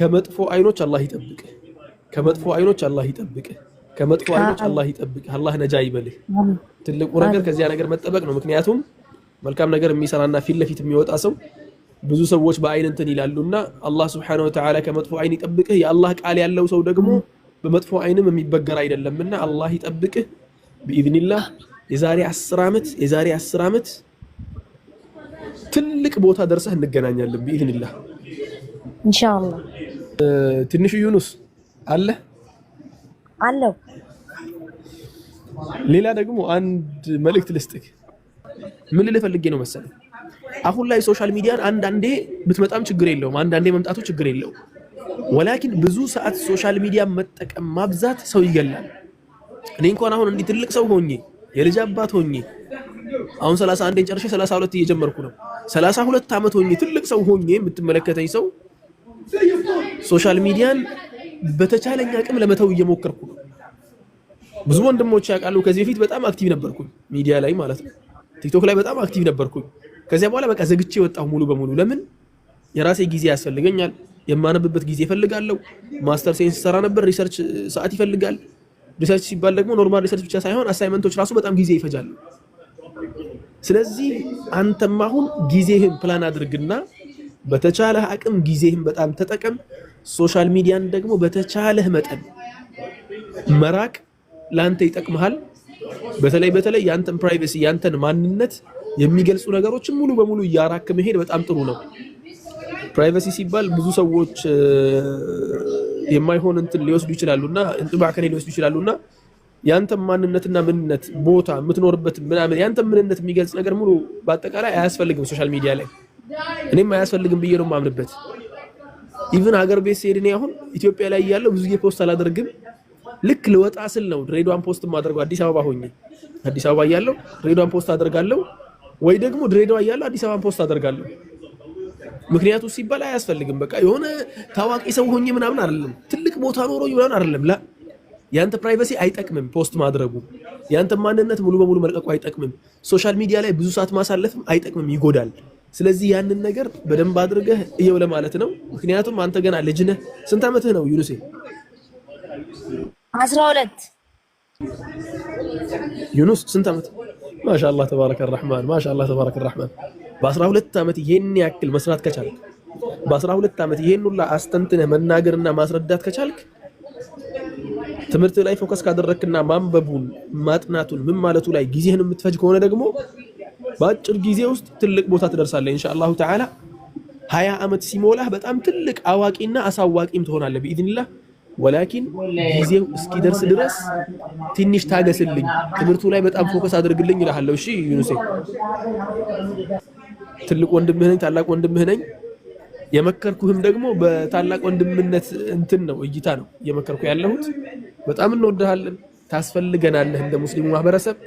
ከመጥፎ አይኖች አላህ ይጠብቅ። ከመጥፎ አይኖች አላህ ይጠብቅ። ከመጥፎ አይኖች አላህ ይጠብቅ። አላህ ነጃ ይበልህ። ትልቁ ነገር ከዚያ ነገር መጠበቅ ነው። ምክንያቱም መልካም ነገር የሚሰራና ፊት ለፊት የሚወጣ ሰው ብዙ ሰዎች በአይን እንትን ይላሉና አላህ ሱብሓነሁ ወተዓላ ከመጥፎ አይን ይጠብቅህ። የአላህ ቃል ያለው ሰው ደግሞ በመጥፎ አይንም የሚበገር አይደለምና አላህ ይጠብቅህ ቢኢዝኒላህ። የዛሬ አስር ዓመት የዛሬ አስር ዓመት ትልቅ ቦታ ደርሰህ እንገናኛለን ቢኢዝኒላህ ኢንሻአላህ። ትንሹ ዩኑስ አለ አለው። ሌላ ደግሞ አንድ መልእክት ልስጥክ። ምን ልፈልጌ ነው መሰለህ፣ አሁን ላይ ሶሻል ሚዲያን አንዳንዴ ብትመጣም ችግር የለውም፣ አንዳንዴ መምጣቱ ችግር የለውም። ወላኪን ብዙ ሰዓት ሶሻል ሚዲያ መጠቀም ማብዛት ሰው ይገላል። እኔ እንኳን አሁን እንዲህ ትልቅ ሰው ሆኜ የልጅ አባት ሆኜ አሁን 31 ጨርሼ 32 እየጀመርኩ ነው። 32 ዓመት ሆኜ ትልቅ ሰው ሆኜ የምትመለከተኝ ሰው ሶሻል ሚዲያን በተቻለኝ አቅም ለመተው እየሞከርኩ ነው። ብዙ ወንድሞች ያውቃሉ። ከዚህ በፊት በጣም አክቲቭ ነበርኩኝ ሚዲያ ላይ ማለት ነው። ቲክቶክ ላይ በጣም አክቲቭ ነበርኩኝ። ከዚያ በኋላ በቃ ዘግቼ ወጣሁ ሙሉ በሙሉ። ለምን የራሴ ጊዜ ያስፈልገኛል። የማነብበት ጊዜ እፈልጋለሁ። ማስተር ሴንስ ሰራ ነበር። ሪሰርች ሰዓት ይፈልጋል። ሪሰርች ሲባል ደግሞ ኖርማል ሪሰርች ብቻ ሳይሆን አሳይመንቶች ራሱ በጣም ጊዜ ይፈጃሉ። ስለዚህ አንተም አሁን ጊዜህን ፕላን አድርግና በተቻለህ አቅም ጊዜህን በጣም ተጠቀም። ሶሻል ሚዲያን ደግሞ በተቻለህ መጠን መራቅ ለአንተ ይጠቅመሃል። በተለይ በተለይ የአንተን ፕራይቬሲ የአንተን ማንነት የሚገልጹ ነገሮችን ሙሉ በሙሉ እያራክ መሄድ በጣም ጥሩ ነው። ፕራይቬሲ ሲባል ብዙ ሰዎች የማይሆን እንትን ሊወስዱ ይችላሉና እንጥባ ከኔ ሊወስዱ ይችላሉና ያንተን ማንነትና ምንነት ቦታ የምትኖርበት ምናምን ያንተን ምንነት የሚገልጽ ነገር ሙሉ በአጠቃላይ አያስፈልግም ሶሻል ሚዲያ ላይ እኔም አያስፈልግም ብዬ ነው የማምንበት። ኢቭን ሀገር ቤት ስሄድ እኔ አሁን ኢትዮጵያ ላይ እያለሁ ብዙ ጊዜ ፖስት አላደርግም። ልክ ልወጣ ስል ነው ድሬዳዋን ፖስት የማደርገው። አዲስ አበባ ሆኜ አዲስ አበባ እያለሁ ድሬዳዋን ፖስት አደርጋለሁ፣ ወይ ደግሞ ድሬዳዋ እያለሁ አዲስ አበባን ፖስት አደርጋለሁ። ምክንያቱ ሲባል አያስፈልግም። በቃ የሆነ ታዋቂ ሰው ሆኜ ምናምን አይደለም፣ ትልቅ ቦታ ኖሮኝ ምናምን አይደለም። ላ ያንተ ፕራይቬሲ አይጠቅምም ፖስት ማድረጉ። ያንተ ማንነት ሙሉ በሙሉ መልቀቁ አይጠቅምም። ሶሻል ሚዲያ ላይ ብዙ ሰዓት ማሳለፍም አይጠቅምም፣ ይጎዳል። ስለዚህ ያንን ነገር በደንብ አድርገህ እየው ለማለት ነው። ምክንያቱም አንተ ገና ልጅ ነህ። ስንት ዓመትህ ነው ዩኑሴ? አስራ ሁለት ዩኑስ ስንት ዓመት? ማሻአላህ ተባረከ ረህማን፣ ማሻአላህ ተባረከ ረህማን። በአስራ ሁለት ዓመት ይሄን ያክል መስራት ከቻልክ፣ በአስራ ሁለት ዓመት ይሄን ሁላ አስተንትነህ መናገርና ማስረዳት ከቻልክ፣ ትምህርት ላይ ፎከስ ካደረክና ማንበቡን ማጥናቱን ምን ማለቱ ላይ ጊዜህን የምትፈጅ ከሆነ ደግሞ በአጭር ጊዜ ውስጥ ትልቅ ቦታ ትደርሳለህ ኢንሻአላሁ ተዓላ። ሀያ ዓመት ሲሞላህ በጣም ትልቅ አዋቂና አሳዋቂም ትሆናለህ ቢኢዝኒላህ። ወላኪን ጊዜው እስኪደርስ ድረስ ትንሽ ታገስልኝ፣ ትምህርቱ ላይ በጣም ፎከስ አድርግልኝ እልሃለሁ። እሺ ዩኑሴ፣ ትልቅ ወንድምህ ነኝ፣ ታላቅ ወንድምህ ነኝ። የመከርኩህም ደግሞ በታላቅ ወንድምነት እንትን ነው እይታ ነው የመከርኩ ያለሁት። በጣም እንወድሃለን፣ ታስፈልገናለህ እንደ ሙስሊሙ ማህበረሰብ